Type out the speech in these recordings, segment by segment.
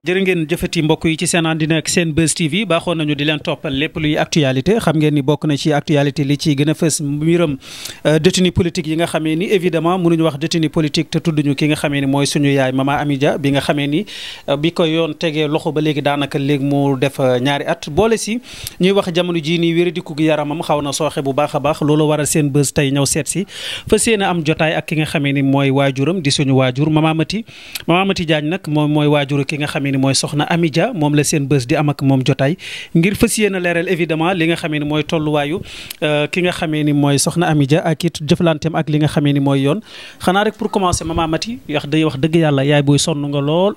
jërë ngeen jëfati mbokk yi ci seen ni bokk na ci actualité euh, yi nga xamee ni évidemment mënuñu wax détenu politique te tudduñu ki nga xamee ni mooy suñu yaay euh, ko yoon tegee loxo ba léegi daanaka léegi mu def euh, ñaari at boole si ñuy wax jamono jii nii wéradiku gi yaramam xaw na sooxe bu baax a baax loolu waral seen Buzz tey ñëw seet si fas yéene am jotaay ak ki nga xame ni mooy waajuram di suñu waajur Mama Mati Mama Mati mooy waajuru ki nga xamee xamee ni mooy soxna Amy Dia moom la seen bés di am ak moom jotaay ngir fas yéene leeral évidemment li nga xamee ni mooy tolluwaayu euh, ki nga xamee ni mooy soxna Amy Dia ak it jëflanteem ak li nga xamee ni mooy yoon xanaa rek pour commencer ma maamati wax day wax dëgg yàlla yaay booy sonn nga lool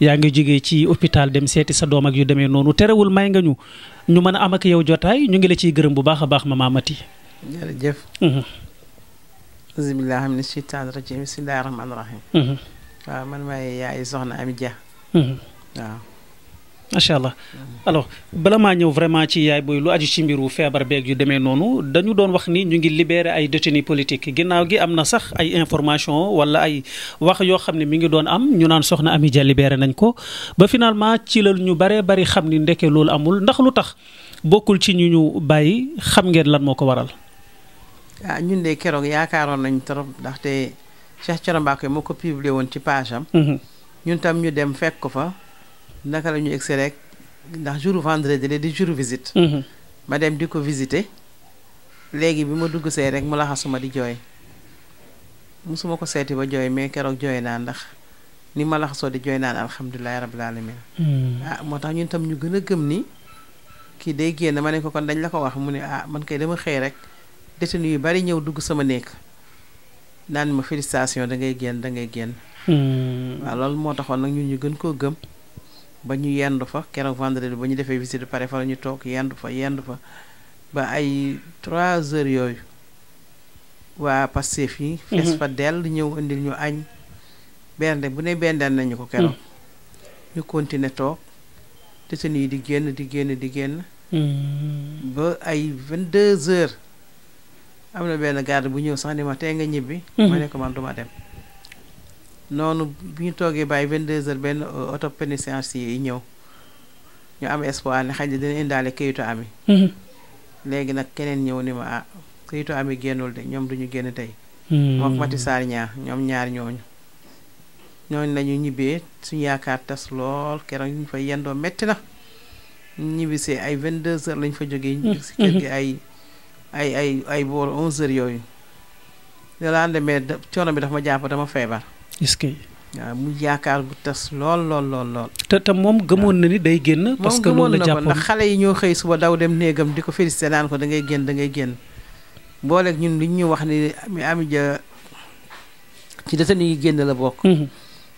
yaa ngi jógee ci hôpital dem seeti sa doom ak yu demee noonu terewul may nga ñu ñu mën a am ak yow jotaay ñu ngi la ciy gërëm bu baax a baax maman Mati. jërëjëf. Mhm. bismillahi mina shaytaani rajim bismillahi rahmaani rahim. Mhm. waaw man maay soxna Amy Hmm. waaw. macha allah alors bala maa ñëw vraiment ci yaay booy lu aju ci mbiru feebar beeg yu demee noonu dañu doon wax ni ñu ngi libéré ay détenus politiques ginnaaw gi am na sax ay information wala ay wax yoo xam ne mi ngi doon am ñu naan soxna Amy Dia libéré nañ ko ba finalement ci la ñu baree bari xam ni ndeke loolu amul ndax lu tax bokkul ci ñu ñu bàyyi xam ngeen lan moo ko waral. ah ñun de keroog yaakaaroon nañ trop ndaxte Cheikh Thioro Mbacké moo ko publié woon ci page ñun tam ñu dem fekk ko fa naka la ñu egsi rek ndax jour vendredi de di jour visite. Mhm. ma dem di ko visiter léegi bi ma dugg see rek mu laxasuma di jooy musuma ko seeti ba jooy mais keroog jooy naa ndax ni ma laxasoo di jooy naan alhamdulilah rabbil alamin mhm. ah moo tax ñun tam ñu gën a gëm ni kii day génn ma ne ko kon dañ la ko wax mu ne ah man kay dama xëy rek détenu yu bari ñëw dugg sama néeg naan ma félicitation da génn da génn. Hmm. waaw loolu moo taxoon nag ñu ñu gën koo gëm ba ñu yendu fa keroog vendredi ba ñu defee visite pare fa la ñu toog yendu fa yendu fa ba ay trois heures yooyu waa Pastef yi hmm. fees fa dell ñëw indil ñu añ bernde bu ne bendeel nañu ko keroog hmm. ñu continuer toog te sunu yi di génn di génn di génn ba ay vingt deux heures am na benn garde bu ñëw sax ni ma tey nga ñibbi ma ne ko man duma dem noonu bi ñu toogee baay vingt deux heures benn euh, oto pénitencier yi ñëw ñu am espoir ne xaj dina indaale këyitu ami mhm. léegi nag keneen ñëw ni ma ah am yi génnul de ñoom duñu génn tey mhm. mook Mati saar ñaar ñoom ñaar ñooñu ñooñu lañu ñibbee suñ yaakaar tas lool keroog ñu fa yendoo metti na ñibbisee ay vingt deux heures lañ fa jógee si kër gi mhm. ay ay ay ay onze heures yooyu le lendemain coono bi dafa ma jàpp dama feebar est-ce mu yaakaar gu tas lool lool lool te te moom gëmoon na ni day génn. parce que loolu la jàppoon ndax xale yi ñoo xëy suba daw dem néegam di ko félicité naan ko da ngay génn da ngay génn. booleeg ñun li ñu wax ni ami ami ja ci détenu yi génn la bokk. Mhm.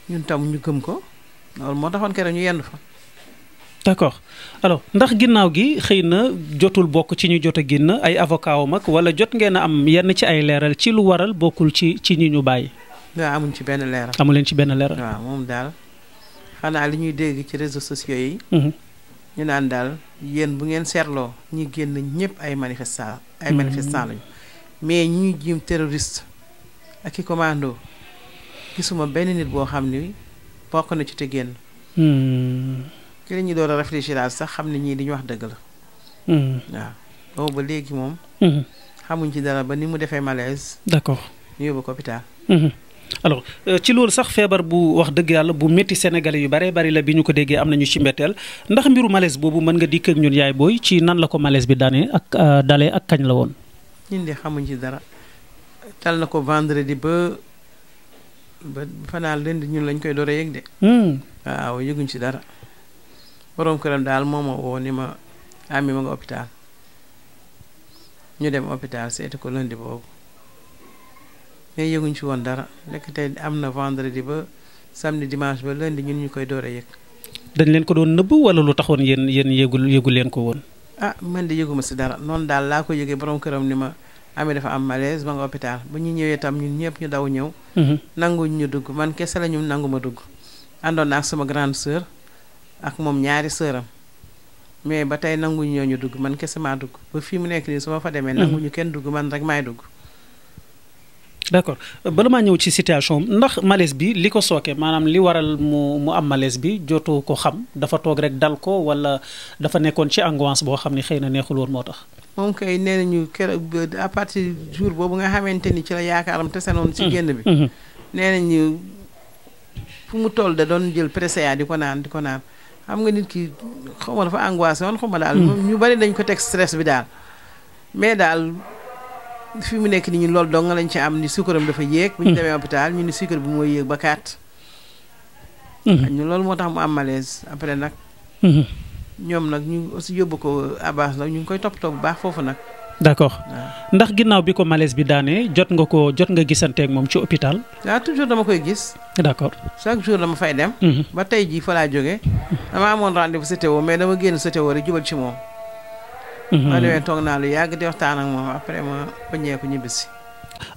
ñun tam ñu gëm ko loolu moo taxoon keroog ñu yenn fa. d'accord alors ndax ginnaaw gi xëy na jotul bokk ci ñu jot a génn ay avocat wu mag wala jot ngeen am yenn ci ay leeral ci lu waral bokkul ci ci ñi ñu bàyyi. waaw amuñ ci benn leeral. amu leen ci benn leeral. waaw moom daal xanaa li ñuy dégg ci réseaux sociaux yi. Mhm. ñu naan daal yéen bu ngeen seetloo ñi génn ñëpp ay manifestants ay manifestants lañu mais ñuy jiim terroriste ak i commando gisuma benn nit boo xam ni bokk na ci te génn. ki hmm. la ñuy door a réfléchir sax xam ne ñii di ñu wax dëgg la. Hmm. waaw boobu ba léegi moom. Hmm. xamuñ ci dara ba ni mu defee malaise. d'accord ñu yóbbu ko alors euh, ci loolu sax feebar bu wax dëgg yàlla bu métti sénégalais yu bare bari la bi ñu ko déggee am nañu ci mbetteel ndax mbiru malaise boobu mën nga dikk ak ñun yaay booy ci nan la ko malaise bi daanee ak euh, dale ak kañ la woon. ñun de xamuñ ci dara tal na ko vendredi ba ba fanaal leen di ñun lañ koy door a de. Hmm. waaw yëguñ ci dara borom këram daal moo ma woo ni ma ami ma nga hôpital ñu dem hôpital seeti ko lundi boobu. te yëguñ ci woon dara lekk te am na vendredi ba samedi dimanche ba lundi ñun ñu koy door a yëg. dañ leen ko doon nëbb wala lu taxoon yéen yéen yëgul yëgu leen ko woon. ah man de yéeguma si dara noonu daal laa ko yëgee boroom këram ni ma amee dafa am malaise ba nga hôpital bu ñu ñëwee tam ñun ñëpp ñu daw ñëw. Mhm. nanguñ ñu dugg man kese la ñu nangu ma dugg. àndoon naa ak sama grande sœur ak moom ñaari sœuram mais ba tey nanguñ ñoo ñu dugg man kese maa dugg ba fii mu nekk nii su fa demee. Mhm. nanguñu kenn dugg man rek maay dugg. d'accord bala maa ñëw ci situation ndax malaise bi li ko sooke maanaam li waral mu mu am malaise bi jotu ko xam dafa toog rek dal ko wala dafa nekkoon ci angoisse boo xam ne xëy na neexul woon moo tax. moom kay nee nañu keroog à partir jour boobu nga xamante ni ci la yaakaaram te sanoon ci hmm. génn bi. Hmm. nee nañu fu mu toll da doon jël PCA di ko naan di ko naan xam nga nit ki xaw ma dafa angoissé woon daal. Hmm. ñu bari dañ ko teg stress bi daal mais daal. fi mu nekk ni ñun loolu dong lañ ci am ni suukaram dafa yéeg. bu ñu hmm. demee hôpital ñu ni suukar bi mooy yéeg ba kaat. Hmm. ñu loolu moo tax mu am malaise après nag. Hmm. ñoom nag ñu aussi yóbbu ko Abbas nag ñu ngi koy toppatoo bu baax foofu nag. d'accord ndax ginnaaw bi ko malaise bi daanee jot nga ko jot nga gisante ak moom ci hôpital. waaw toujours dama koy gis. d'accord chaque jour dama fay dem. ba tey jii fa laa jógee. dama amoon rendez-vous CTO mais dama génn CTO rek jubal ci ma mm-hmm. demee toog naa lu yàgg di waxtaan ak moom après ma bañeeku ñibbisi.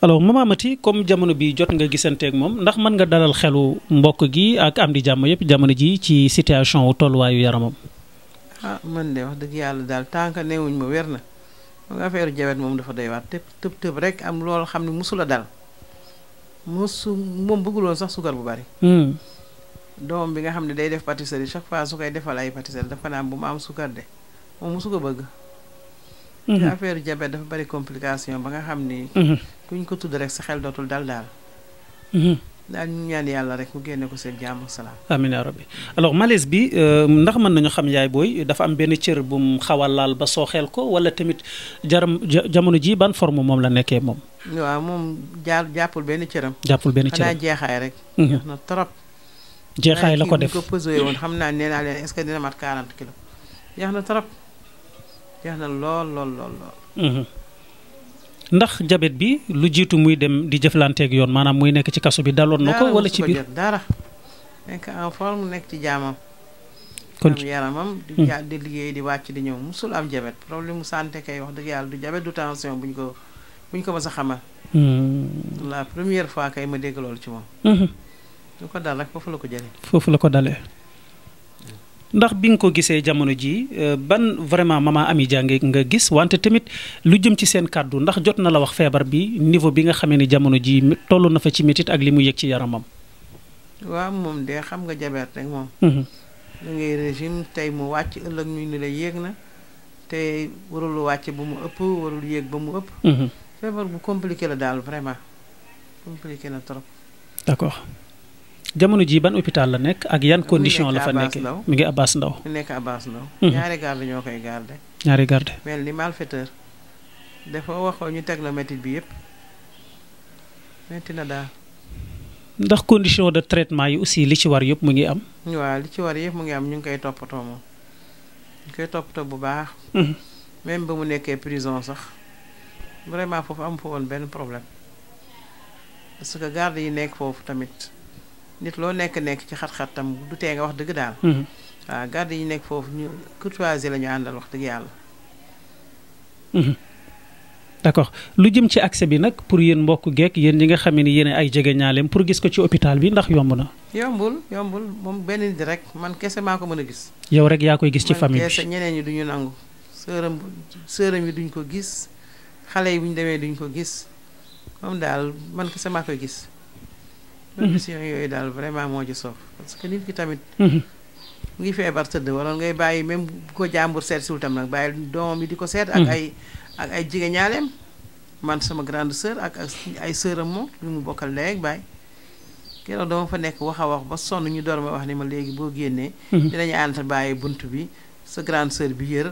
alors maman Mati comme jamono bi jot nga gisanteeg moom ndax mën nga dalal xelu mbokk gi ak am di jàmm yëpp jamono ji ci situation wu tolluwaayu yaramam. ah mën de wax dëgg yàlla daal tànk newuñ ma wér na mu nga affaire jabet moom dafa doy waar tëb tëb rek am lool xam ne musu la dal musu moom bëgguloon sax sukar bu bari. Hmm. doom bi nga xam ne day def pâtisserie chaque fois su koy defal ay pâtisserie dafa naan am suukar de Mhm. affaire diabète dafa bari complication ba nga xam ni. Mhm. kuñ ko tudd rek sa xel dootul dal daal. Mhm. daal ñu ñaan yàlla rek mu génne ko seen jàmm ak salaam. amiin yaa rabbi alors malaise bi euh, ndax mën nañu xam yaay booy dafa am benn cër bu mu xaw a laal ba soo sooxeel ko wala tamit jaram jamono ji ban forme moom la nekkee moom. waaw moom jaar jàppul benn cëram. jàppul benn cëram xanaa jeexaay rek. na trop. jeexaay la ko def ko pesé xam naa nee naa leen est dina mat 40 kilos. jeex na trop. jeex na lool lool lool lool. Mhm. ndax jabet bi lu jiitu muy dem di jëflanteeg yoon maanaam muy nekk ci kaso bi daloon na ko. wala ci biir dara nekk en forme nekk ci jaamam. kon yaramam. di hmm. di liggéey di wàcc di ñëw musul am jabet problème mu santé kay wax dëgg yàlla du jabet du tension buñ ko buñ ko mës a xamal. Hmm. la première fois kay ma dégg loolu ci moom. Mhm. lu ko dal rek foofu la ko jëlee. foofu la ko dalee. ndax bi nga ko gisee jamono ji euh, ban vraiment ma Mama Amy Dia nga gis wante tamit lu jëm ci seen kàddu ndax jot na la wax feebar bi niveau bi nga xamee ne jamono ji toll na fa ci métit ak li mu yëg ci yaramam. waaw moom de xam nga jabeer rek moom. da mhm. ngay régime tey mu wàcc ëllëg ñu ni la yéeg na te warul wàcc ba mu ëpp warul yéeg ba mu ëpp. Mhm. feebar bu compliqué la daal vraiment compliqué na trop. jamono ji ban hôpital la nekk ak yan condition la fa nekk mi ngi Abass Ndao mi nekk Abass Ndao mhm. ñaari garde ñoo koy garde ñaari garde mel ni malfaiteur dafa waxoo ñu teg la métit bi yëpp métti na daal ndax condition de traitement yi aussi li ci war yëpp mu ngi am waaw li ci war yëpp mu ngi am ñu ngi koy toppatoo moom ñu koy toppatoo bu baax mhm. même ba mu nekkee prison sax vraiment foofu am fa woon benn problème parce que garde yi nekk foofu tamit nit loo nekk-nekk ci xat-xat tam du tee nga wax dëgg daal mhm. waaw garde yi nekk foofu ñu courtoisie la ñu àndal wax dëgg yàlla mhm. d'accord lu jëm ci accès bi nag pour yéen mbokk geek yéen ñi nga xam ne yeneen ay jege ñaaleem pour gis ko ci hôpital bi ndax yomb na yombul yombul moom benn nit rek man kese maa ko mën a gis yow rek yaa koy gis ci famille bi ñeneen ñi duñu nangu sëram sëram yi duñ ko gis xale yi bu ñu demee duñ ko gis moom daal man kese maa koy gis condition yooyu daal vraiment moo ci soof parce que nit tamit mhm. mu ngi feebar tëdd wala ngay bàyyi même bu ko jàmbur seet siwul tam nag bàyyi doomam yi di ko seet ak mhm. ay ak ay jigéen ñaaleem man sama grande sœur ak ak ay sœuram moom ñu mu bokkal léegi bàyyi fa nekk wax a wax ba sonn wax ni ma léegi boo génnee mhm. dinañu bàyyi bunt bi sa grande bi yër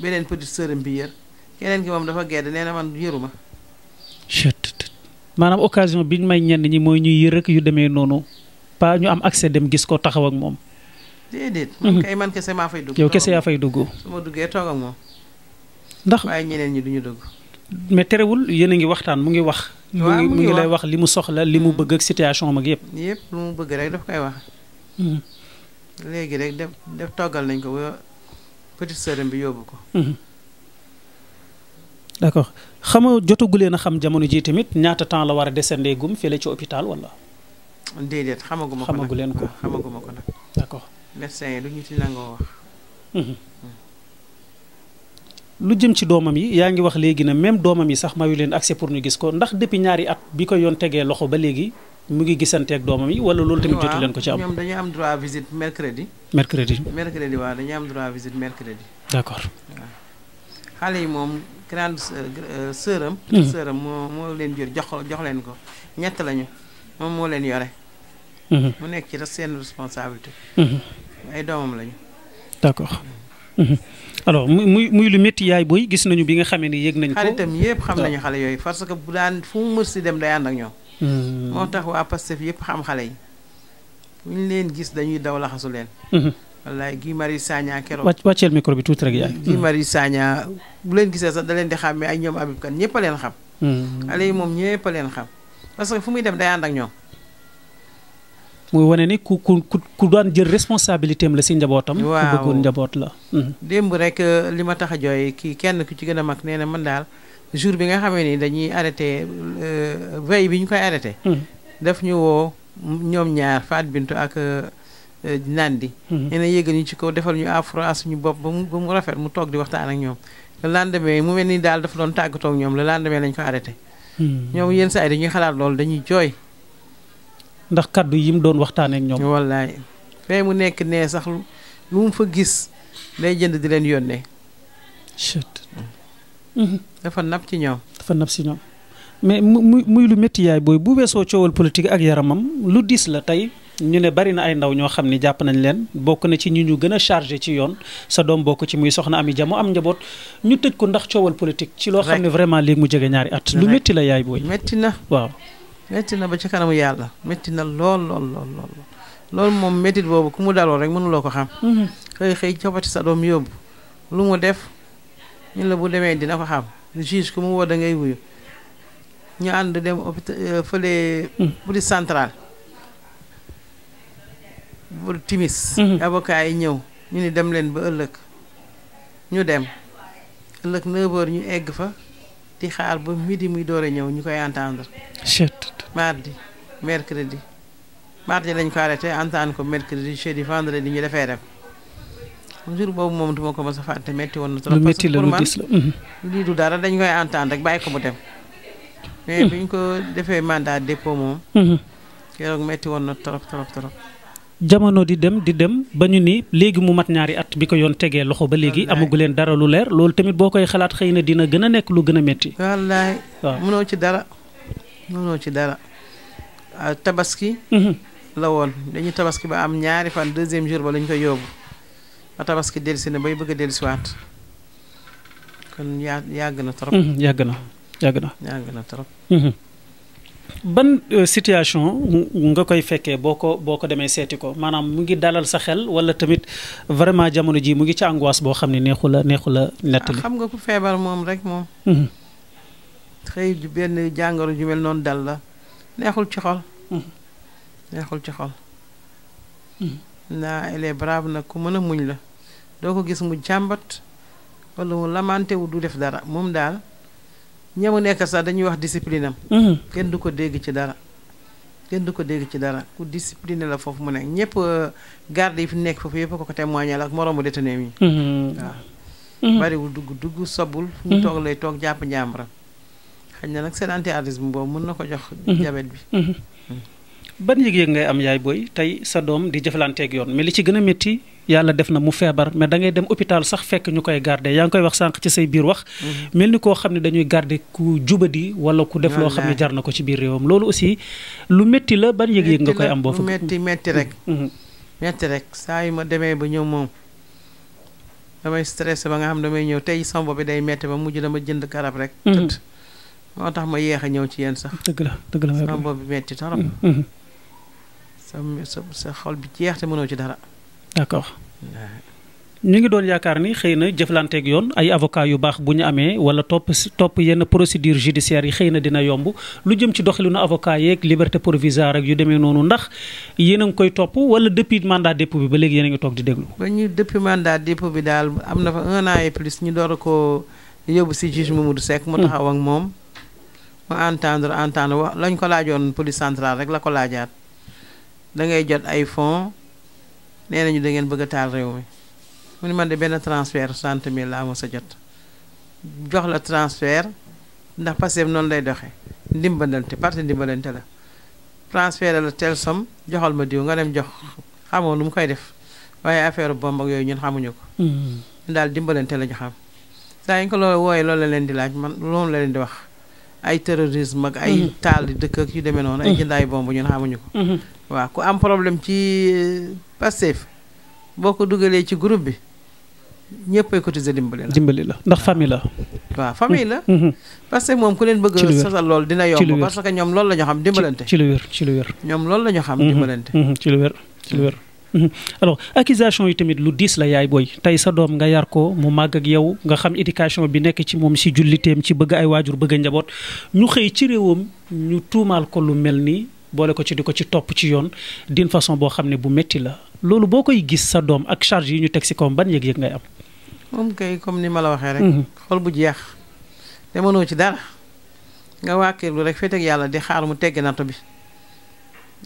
beneen petite sœuram bi keneen ki moom dafa gedd nee na man yëruma maanaam occasion ñu may ñenn ñi mooy ñuy yër yu demee noonu pas ñu am accès dem gis ko taxaw ak moom. déedéet. Mhm. man kay man kese maa fay dugg. yow kese yaa fay dugg. su ma duggee toog ak moom. ndax waaye ñeneen ñi duñu dugg. mais terewul yéen a ngi waxtaan mu ngi wax. mu ngi lay wax li mu soxla li mu mhm. bëgg ak situation mag ak yëpp. yëpp lu mu bëgg rek daf koy wax. Mhm. léegi rek def def toggal nañ ko ba petite sœur bi yóbbu ko. d' accord xam nga jotaguleen a xam jamono ji tamit ñaata temps la war a descendé gum fële ci hôpital wala. déedéet xamaguma ko nag xamaguleen ko ah, xamaguma ko nag. d' accord médecin yi ñu ci nangoo mhm. hmm. lu jëm ci doomam yi yaa ngi wax léegi na même doomam yi sax mayu leen accès pour ñu gis ko ndax depuis ñaari at bi ko yoon tegee loxo ba léegi mu ngi gisante gisanteeg doomam yi wala loolu tamit jotu leen ko ci am. dañu am droit visite mercredi. mercredi mercredi waaw dañu am droit visite mercredi. d' accord. xale yi moom grande euh, sœuram hmm. sœuram moo moo leen jur jox jox leen ko ñett lañu moom moo leen yore hmm. mu nekk ci seen responsabilité hmm. ay doomam lañu d'accord alors muy muy lu métti yaay booy gis nañu bi nga xamee ni yëg nañ ko xaritam yëpp xam nañu ah. xale yooyu parce que bu daan fu mu mës dem day ànd ak ñoom moo tax waa Pastef yëpp xam xale yi bu ñu leen gis dañuy daw laxasu leen wallaay Guy Marius Sagna keroog. wàcceel micro bi tuuti rek yaay. Guy Marius Sagna bu leen gisee sax da di xàmmee ay ñoom Habib Kane ñëpp a leen xam. Mm-hmm. ale yi moom ñëpp a leen xam parce que fu muy def day ànd ak ñoom. muy wane ni ku ku ku doon jël responsabilité am la si njabootam. waaw ku bëggoon njaboot la. Mm-hmm. démb rek euh, li ma tax a jooy kii kenn ku ci gën a mag nee na man daal jour bi nga xamee ni dañuy arrêté euh, veille bi ñu koy arrêté. Mm-hmm. daf ñu Eh, nandi mhm. nee na yéegal ñu ci kaw defal ñu afra suñu bopp ba mu ba rafet mu toog di waxtaan ak ñoom le mu mel ni daal dafa doon tàggatook ñoom le lendemain lañ ko arrêté mhm. ñoom yenn sa yi dañuy xalaat loolu dañuy jooy ndax kaddu yi mu doon waxtaanee ak ñoom wallaay fee mu nekk nee sax lu mu fa gis day jënd di leen yónnee mm. mhm. dafa nap ci ñoom dafa nap ci ñoom mais muy muy lu métti yaay booy bu weesoo coowal politique ak yaramam lu diis la tey ñu ne bari na ay ndaw ñoo xam ni jàpp nañ leen bokk na ci ñi ñu gën a chargé ci yoon sa doom bokk ci muy soxna Ami jamoo mu am njaboot ñu tëj ko ndax coowal politique. ci loo xam ne vraiment léegi mu jege ñaari at. lu métti la yaay booy. métti na waaw. métti na ba ci kanam yàlla métti na lool lool lool loolu moom métti boobu ku mu daloo rek mënuloo ko xam. Mhm. xëy xëy coppati sa doom yóbbu lu mu def ñun la bu demee dina ko xam juge ku mu woo da wuyu ñu ànd dem hôpital euh, bu timis mhm. avocat yi ñëw ñu ni dem leen ba ëllëg ñu dem ëllëg 9h ñu egg fa di xaar ba midi muy doore ñëw ñu koy entendre mardi mercredi mardi lañ ko arrêté entendre ko mercredi jeudi vendredi ñu defee dem jour boobu moom duma ko ma a fàtte métti woon na trop parce que pour man mhm. lii du dara dañ koy entendre rek bàyyi ko mu dem mais mhm. bi ñu ko defee mandat dépôt moom keroog métti woon na trop trop jamono di dem di dem ba ñu ni léegi mu mat ñaari at bi ko yoon tegee loxo ba léegi amagu leen dara lu leer loolu tamit boo koy xalaat xëy na dina gën a nekk lu gën a métti. wallaay mënoo ci dara mënoo ci dara ah, tabaski. Mhm. la woon dañuy tabaski ba am ñaari fan deuxième jour ba lañ ko yóbbu ba tabaski dellusi na bay bëgg a dellusiwaat kon yaa yàgg na trop. Mhm, yàgg na yàgg na. ban euh, situation nga koy fekkee boo ko boo ko demee seeti ko maanaam mu ngi dalal sa xel wala tamit vraiment jamono ji mu ngi ci angoisse boo xam ne neexu la neexu la nettali xam nga ku feebar moom rek moom mhm. xëy benn jàngoro ju mel noonu dal la neexul ci xol mhm. neexul ci xol mhm. ndaa elle brave nag ku mën a muñ la doo ko gis mu jàmbat wala mu lamante wu du def dara moom daal ña nekk sax dañuy wax discipline am. Mhm. kenn du ko dégg ci dara. kenn du ko dégg ci dara ku discipliné la foofu mu nekk ñëpp euh, garde yi fu nekk foofu yëpp ko ko témoigné la ak moroomu détenu yi. Mhm. waaw. Mhm. bariwul dugg dugg sobul. fu ñu toog lay toog jàpp njàmbaram. xëy na nag seen anti boobu mën na ko jox. jabet bi. Hmm. ban yëg-yëg ngay am yaay booy tey sa doom di jëflanteeg yoon mais li ci gën a métti yàlla def na mu feebar mais da ngay dem hôpital sax fekk ñu koy garder yaa ngi koy wax sànq ci say biir wax. Mm-hmm. mel ni koo xam ne dañuy garder ku jubadi wala ku def loo xam ne jar na ko ci biir réewam loolu aussi lu métti la ban yëg nga koy am. boo fa métti métti rek. métti mm-hmm. rek saa ma demee ba ñëw moom damay stressé ba nga xam damay ñëw tey sombo bi day métti ba mu mujj dama jënd garab rek. Mm-hmm. moo tax ma yéex a ñëw ci yéen sax. dëgg la dëgg la sama bi metti torop. sa sa xol bi jeex te mënoo ci dara. d'accord ñu ngi doon yaakaar ni xëy na jëflanteeg yoon ay avocat yu baax bu ñu amee wala topp si topp yenn procédure judiciaire yi xëy na dina yomb lu jëm ci doxalinu avocat yeeg liberté provisoire ak yu demee noonu ndax yéen a ngi koy topp wala depuis mandat dépôt bi ba léegi yéen a ngi toog di déglu. ba ñu depuis mandat dépôt bi daal am na fa un an et plus ñu door ko yóbbu si juge Mamadou Seck. mu hmm. taxaw ak moom mu entendre entendre wax lañ ko laajoon police centrale rek la ko laajaat nee nañu da ngeen bëgg a taal réew mi mu ne man de benn transfert sant mille laa mos sa jot jox la transfert ndax Pastef noonu lay doxe ndimbalante parti ndimbalante la transfert la tel somme joxal ma diw nga dem jox xamoo nu mu koy def waaye affaire bomb ak yooyu ñun xamuñu ko. ñun hmm. daal dimbalante la ñu xam saa yu ñu ko loolu wooye loolu la leen di laaj man loolu la leen di wax. ay terrorisme ak ay mhm. taal di dëkk ak yu demee noonu ay mhm. jëndaay bomb ñun xamuñu ko mhm. waaw ku am problème ci euh, Pastef boo ko dugalee ci groupe bi ñëpp ay cotiser dimbali la dimbali la ndax famille la waaw famille la parce moom ku leen bëgg sosal loolu dina yomb parce ñoom loolu la xam dimbalante ci lu wér ci lu wér Mhm. alors accusation yi tamit lu diis la yaay booy tey sa doom nga yar ko mu màgg ak yow nga xam éducation bi nekk ci moom si julliteem ci bëgg ay waajur bëgg njaboot ñu xëy ci réewam ñu tuumaal ko lu mel nii boole ko ci di ko ci topp ci yoon d'une façon boo xam ne bu métti la loolu boo koy gis sa doom ak charge yi ñu teg si koom ban yëg-yëg ngay am. moom kay comme ni ma la waxee rek. Mhm. xol bu jeex te mënoo ci dara nga wàkkirlu rek fii teg yàlla di xaar mu teggi natt bi.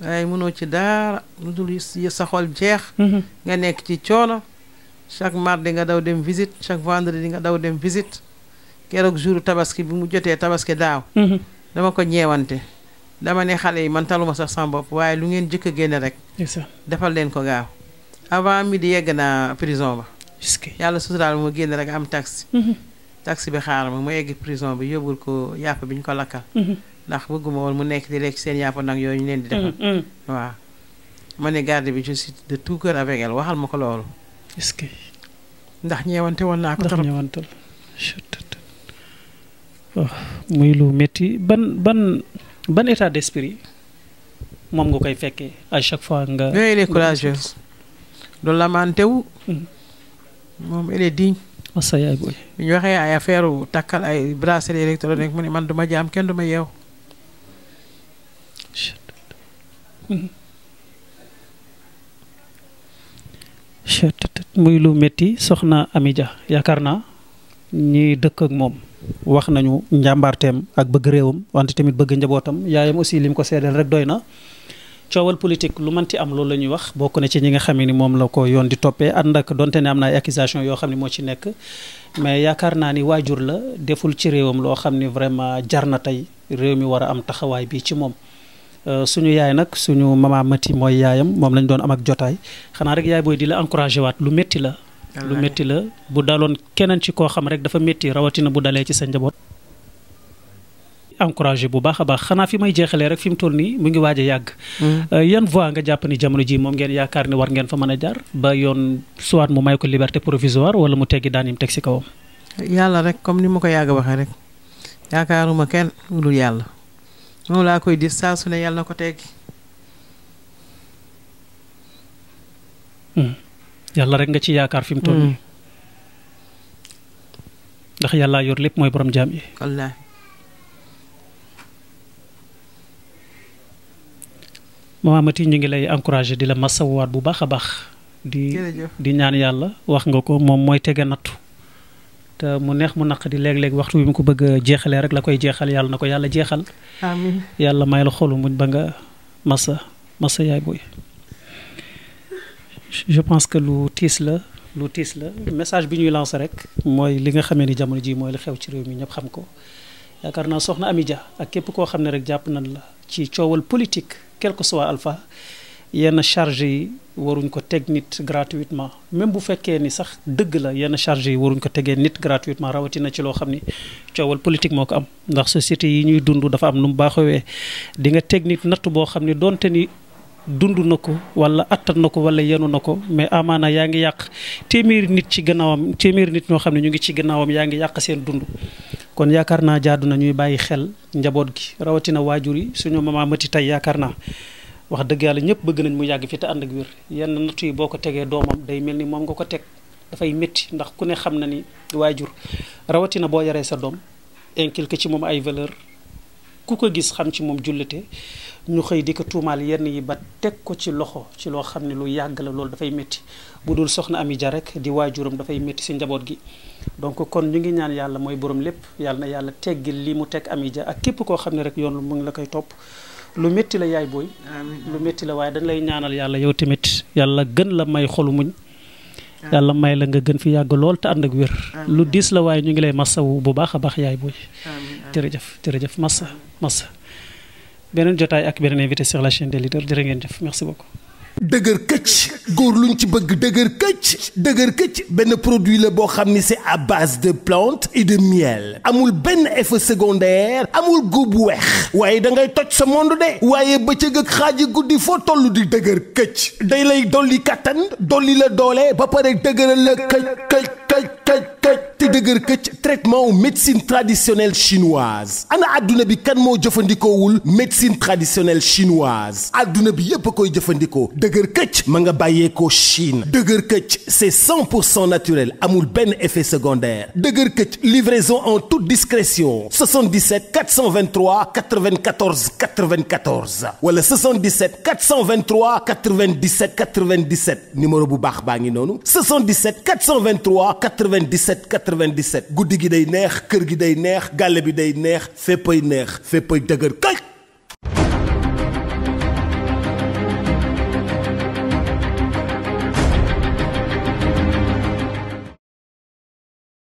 waaye mënoo ci dara lu dul sa xol jeex. Mhm. nga nekk ci coono. chaque mardi nga daw dem visit chaque vendredi nga daw dem visite keroog jour tabaski bi mu jotee tabaski daaw. Mhm. dama ko ñeewante. dama ne xale yi man taluma sax sama waaye lu ngeen jëkk a génne rek. defal leen ko gaaw. avant midi yegg naa prison ba. yàlla suturaal ma génn rek am taxi. Mhm. taxi bi xaar ma mu prison bi yóbbul ko yàpp bi ñu ko lakkal. ndax bëgguma woon mu nekk di lekk seen yàpp nag yooyu ñu leen di defal mm, mm. waaw ma ne garde bi je suis de tout cœur avec elle waxal ma ko loolu est ndax ñeewante woon naa ko trop ñeewantal oh, muy lu métti ban ban ban état d'esprit moom nga koy fekkee à chaque fois nga mais elle est courageuse mm. moom elle est digne bi ñu waxee ay affaire takkal ay bracelet électronique mu ne man duma jaam kenn duma yeew muy lu metti soxna Amy ja yaakaar naa ñi dëkk ak moom wax nañu njàmbaarteem ak bëgg réewam wante tamit bëgg njabootam yaayam aussi lim ko seedeel rek doy na coowal politique lu mënti am loolu la ñuy wax bokk na ci ñi nga xam ni moom la ko yoon di toppee ànd ak donte ne am na ay accusation yoo xam ne moo ci nekk mais yaakaar naa ni waajur la deful ci réewam loo xam ni vraiment jar na tey réew mi war a am taxawaay bii ci moom Euh, suñu yaay nag suñu mama mati mooy yaayam moom lañ doon am ak jotaay xanaa rek yaay booy di la encouragé waat lu métti la ah. lu metti la bu daloon keneen ci koo xam rek dafa métti rawatina bu dalee ci sa njaboot encouragé bu baax a baax xanaa fi may jeexalee rek fi mu toll nii mu ngi waaj a yàgg hmm. euh, yan voie nga jàpp ni jamono ji moom ngeen yaakaar ni war ngeen fa mën a jaar ba yoon soit mu may ko liberté provisoire wala mu teggi daan yim teg si kawam yàlla rek comme ni ma ko yàgg waxee rek yaakaaruma yàlla moom laa koy di saa yàlla na ko teggi hmm. yàlla rek nga ci yaakaar fi mu toll hmm. ndax yàlla yor lépp mooy boroom jaam yi wallaahi maman ñu ngi lay encouragé di la masawuwaat bu baax a baax di di ñaan yàlla wax nga ko moom mooy tege nattu te mu neex mu naq di léeg-léeg waxtu bi mu ko bëgg jeexalee rek la koy jeexal yàlla na ko yàlla jeexal. amiin yàlla may la xolu muñ ba nga massa massa yaay booy. je pense que lu tiis la lu tiis la message bi ñuy lancé rek mooy li nga xamee ni jamono ji mooy la xew ci réew mi ñëpp xam ko yaakaar naa soxna Amy Dia ak képp koo xam ne rek jàpp nañ la ci coowal politique quel que soit alpha yenn charge waruñ ko teg nit gratuitement même bu fekkee ni sax dëgg la yenn chargé yi waruñ ko tegee nit gratuitement rawatina ci loo xam ni coowal politique moo ko am ndax société yi ñuy dund dafa am nu mu baaxawee di nga teg nit natt boo xam ni donte ni dund na ko wala attan na ko wala yenu na ko mais amaana yaa ngi yàq téeméeri nit ci gannaawam téeméeri nit ñoo xam ne ñu ngi ci gannaawam yaa ngi yàq seen dund. kon yaakaar naa jaadu na ñuy bàyyi xel njaboot gi rawatina waajur yi suñu mamaamati tey yaakaar naa. wax dëgg yàlla ñëpp bëgg nañ mu yàgg fi te ànd ak wér yenn nattu yi boo ko tegee doomam day mel ni moom nga ko teg dafay métti ndax ku ne xam na ni waajur rawatina boo yaree sa doom inculqué ci moom ay valeur ku ko gis xam ci moom jullite ñu xëy di ko tuumaal yenn yi ba teg ko ci loxo ci loo xam ne lu yàgg la loolu dafay métti bu dul soxna Ami Ja rek di waajuram dafay métti si njaboot gi donc kon ñu ngi ñaan yàlla mooy borom lépp yàlla na yàlla teggil li mu teg Ami Ja ak képp koo xam ne rek yoon mu ngi la koy topp lu métti la yaay booy lu metti la waaye dañ lay ñaanal yàlla yow tamit yàlla gën la may xolu muñ yàlla may la nga gën fi yàgg lool te ànd ak wér lu diis la waaye ñu ngi lay massawu bu baax a baax yaay booy jërëjëf jërëjëf massa massa beneen jotaay ak beneen invité sur la chaîne des leaders jërë ngeen jëf merci ko dëgër këcc góor luñ ci bëgg dëgër këcc dëgër këcc benn produit la boo xam ni c'est à base de plantes et de miel amul benn effet secondaire amul góob bu weex waaye da ngay toj sa monde de waaye bëccëg ak xaaji guddi foo toll di dëgër këcc day lay dolli kattan dolli la doole ba pare dëgëral la këcc këcc këcc këcc te dëgër këcc traitement médecine traditionnelle chinoise ana adduna bi kan moo jëfandikoowul médecine traditionnel chinoise àdduna bi yépp koy jëfandikoo dëgër këcc ma nga bàyyeekoo Chine dëgër këcc c'est 100 pour cent naturel amul benn effet secondaire dëgër këcc livraison en toute discrétion 77 423 94 94 wala 77 423 97 97 numéro bu baax baa ngi noonu 77 423 97 97 guddi gi day neex kër gi day neex gàlle bi day neex féppay neex féppay dëgër këcc.